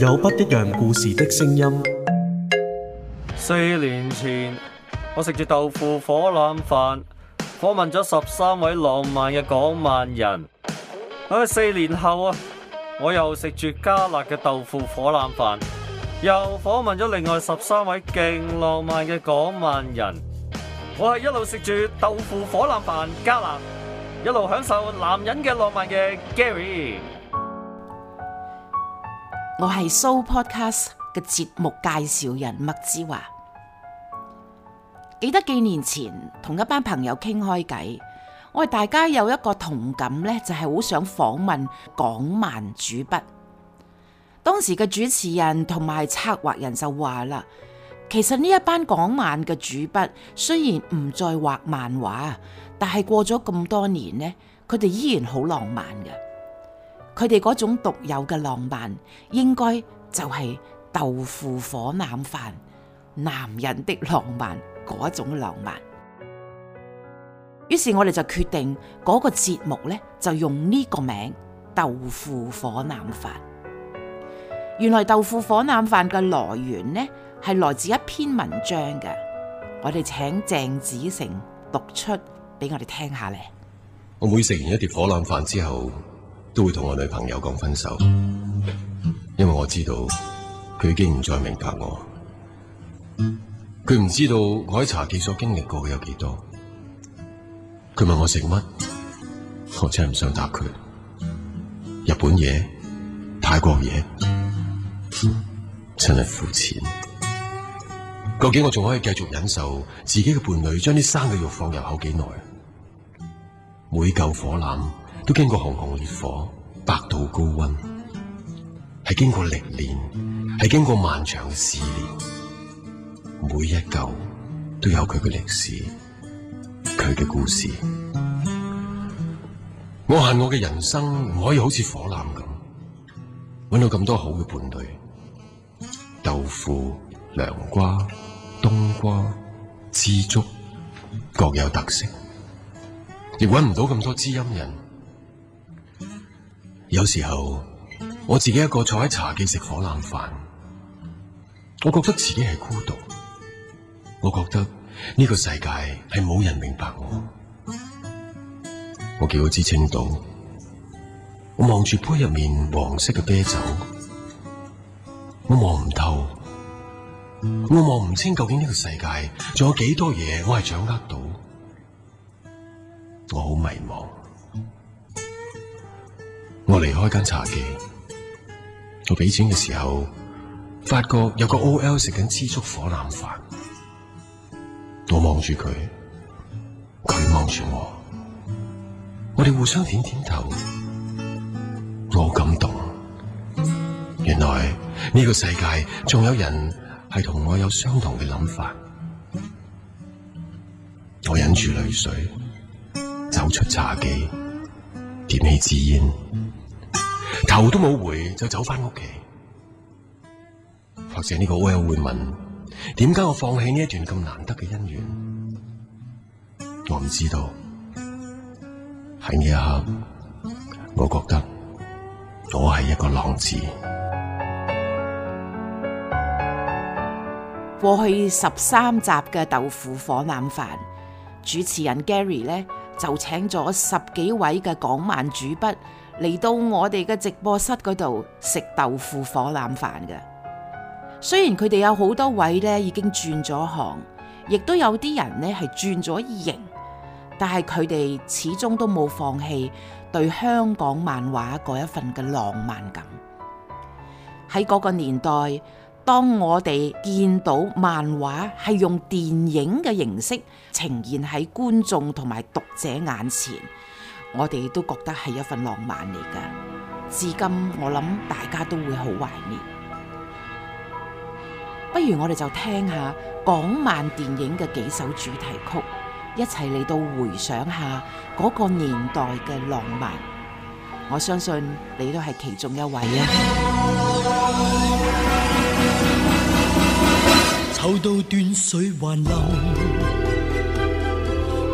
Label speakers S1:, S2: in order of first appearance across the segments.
S1: 有不一樣故事的聲音。
S2: 四年前，我食住豆腐火腩飯，訪問咗十三位浪漫嘅港漫人。喺四年後啊，我又食住加辣嘅豆腐火腩飯，又訪問咗另外十三位勁浪漫嘅港漫人。我係一路食住豆腐火腩飯加辣，一路享受男人嘅浪漫嘅 Gary。
S3: 我係 So Podcast 嘅節目介紹人麥之華，記得幾年前同一班朋友傾開偈，我哋大家有一個同感咧，就係、是、好想訪問港漫主筆。當時嘅主持人同埋策劃人就話啦，其實呢一班港漫嘅主筆雖然唔再畫漫畫，但係過咗咁多年呢，佢哋依然好浪漫嘅。佢哋嗰種獨有嘅浪漫，應該就係豆腐火腩飯，男人的浪漫嗰種浪漫。於是我哋就決定嗰個節目呢，就用呢個名《豆腐火腩飯》。原來豆腐火腩飯嘅來源呢，係來自一篇文章嘅。我哋請鄭子誠讀出俾我哋聽下呢。
S1: 我每食完一碟火腩飯之後。都會同我女朋友講分手，因為我知道佢已經唔再明白我，佢唔知道我喺茶記所經歷過嘅有幾多。佢問我食乜，我真係唔想答佢。日本嘢、泰國嘢，真係膚淺。究竟我仲可以繼續忍受自己嘅伴侶將啲生嘅肉放入口幾耐？每嚿火腩。都經過熊熊烈火、百度高溫，係經過歷練，係經過漫長嘅試煉，每一嚿都有佢嘅歷史，佢嘅故事。我恨我嘅人生唔可以好似火腩咁，搵到咁多好嘅伴侶，豆腐、涼瓜、冬瓜、枝竹，各有特色，亦搵唔到咁多知音人。有時候我自己一個坐喺茶記食火腩飯，我覺得自己係孤獨，我覺得呢個世界係冇人明白我。我叫咗支青島，我望住杯入面黃色嘅啤酒，我望唔透，我望唔清究竟呢個世界仲有幾多嘢我係掌握到，我好迷茫。我離開間茶記，我俾錢嘅時候，發覺有個 O. L. 食緊枝竹火腩飯，我望住佢，佢望住我，我哋互相點點頭，我感動，原來呢個世界仲有人係同我有相同嘅諗法，我忍住淚水走出茶記，點起支煙。頭都冇回就走翻屋企，或者呢個 Ol 會問點解我放棄呢一段咁難得嘅姻緣？我唔知道。喺呢一刻，我覺得我係一個浪子。
S3: 過去十三集嘅豆腐火腩飯，主持人 Gary 呢，就請咗十幾位嘅港漫主筆。嚟到我哋嘅直播室嗰度食豆腐火腩飯嘅，雖然佢哋有好多位咧，已經轉咗行，亦都有啲人咧係轉咗型，但係佢哋始終都冇放棄對香港漫畫嗰一份嘅浪漫感。喺嗰個年代，當我哋見到漫畫係用電影嘅形式呈現喺觀眾同埋讀者眼前。我哋都覺得係一份浪漫嚟㗎，至今我諗大家都會好懷念。不如我哋就聽下港漫電影嘅幾首主題曲，一齊嚟到回想下嗰個年代嘅浪漫。我相信你都係其中一位啊！愁到斷
S2: 水還流。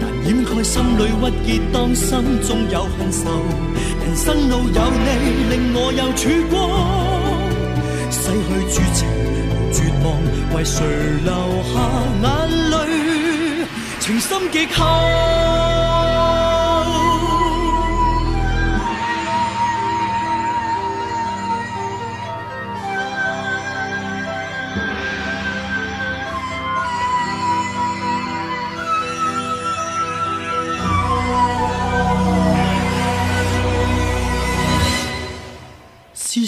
S2: 但掩蓋心裏鬱結，當心中有恨愁，人生路有你，令我有曙光。洗去絕情絕望，為誰流下眼淚？情深極厚。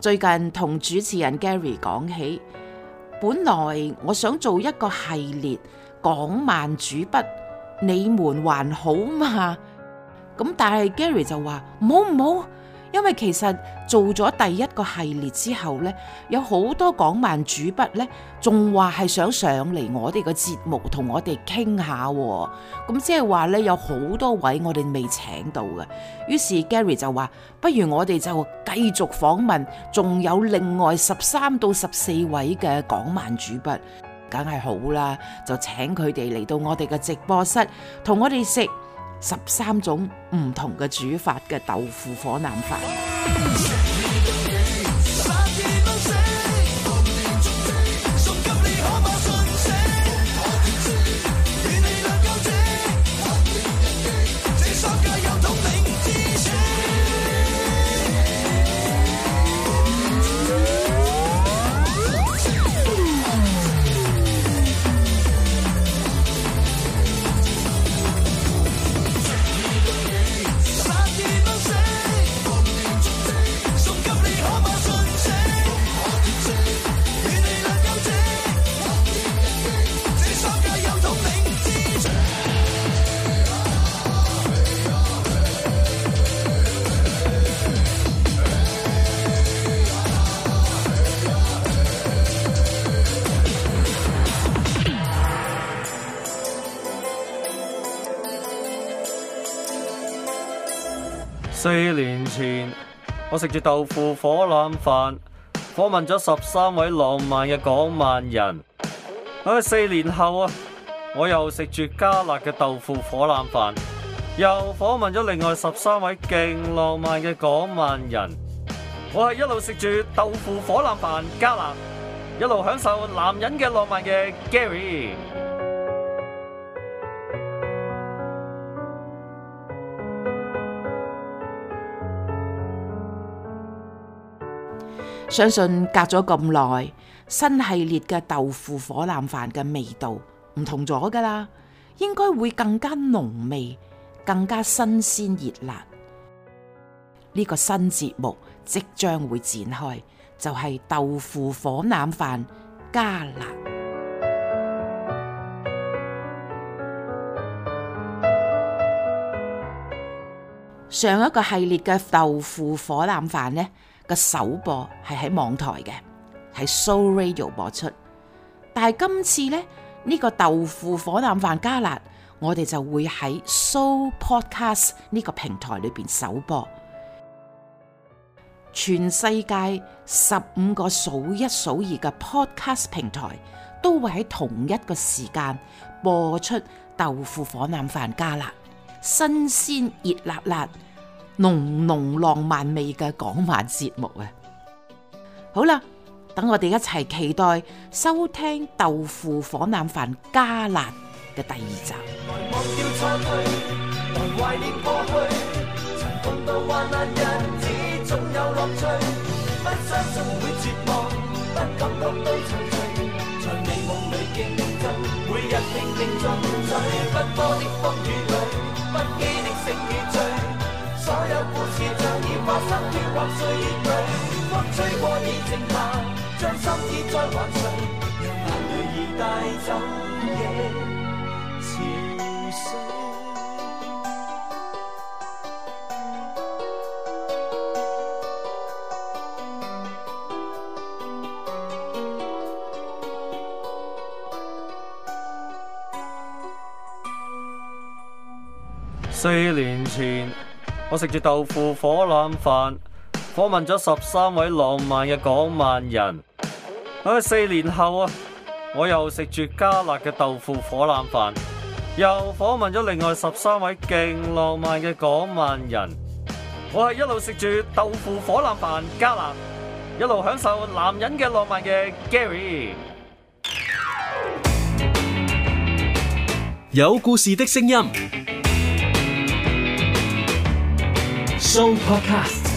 S3: 最近同主持人 Gary 講起，本來我想做一個系列講萬主筆，你們還好嘛？咁但係 Gary 就話，唔好唔好。因為其實做咗第一個系列之後呢，有好多港漫主筆呢，仲話係想上嚟我哋個節目同我哋傾下喎，咁即係話呢，有好多位我哋未請到嘅，於是 Gary 就話，不如我哋就繼續訪問，仲有另外十三到十四位嘅港漫主筆，梗係好啦，就請佢哋嚟到我哋嘅直播室，同我哋食。十三種唔同嘅煮法嘅豆腐火腩飯。
S2: 四年前，我食住豆腐火腩飯，訪問咗十三位浪漫嘅港萬人。唉，四年後啊，我又食住加辣嘅豆腐火腩飯，又訪問咗另外十三位勁浪漫嘅港萬人。我係一路食住豆腐火腩飯加辣，一路享受男人嘅浪漫嘅 Gary。
S3: 相信隔咗咁耐，新系列嘅豆腐火腩飯嘅味道唔同咗噶啦，應該會更加濃味，更加新鮮熱辣。呢個新節目即將會展開，就係豆腐火腩飯加辣。上一個系列嘅豆腐火腩飯呢？嘅首播係喺網台嘅，喺 So Radio 播出。但係今次呢，呢、呢個豆腐火腩飯加辣，我哋就會喺 So Podcast 呢個平台裏邊首播。全世界十五個數一數二嘅 Podcast 平台都會喺同一個時間播出豆腐火腩飯加辣，新鮮熱辣辣。濃濃浪漫味嘅港漫節目啊！好啦，等我哋一齊期待收聽《豆腐火腩飯加辣》嘅第二集。
S2: 四年前，我食住豆腐火腩飯。訪問咗十三位浪漫嘅港漫人，喺四年後啊，我又食住加辣嘅豆腐火腩飯，又訪問咗另外十三位勁浪漫嘅港漫人，我係一路食住豆腐火腩飯加辣，一路享受男人嘅浪漫嘅 Gary，
S1: 有故事嘅聲音
S2: ，Show Podcast。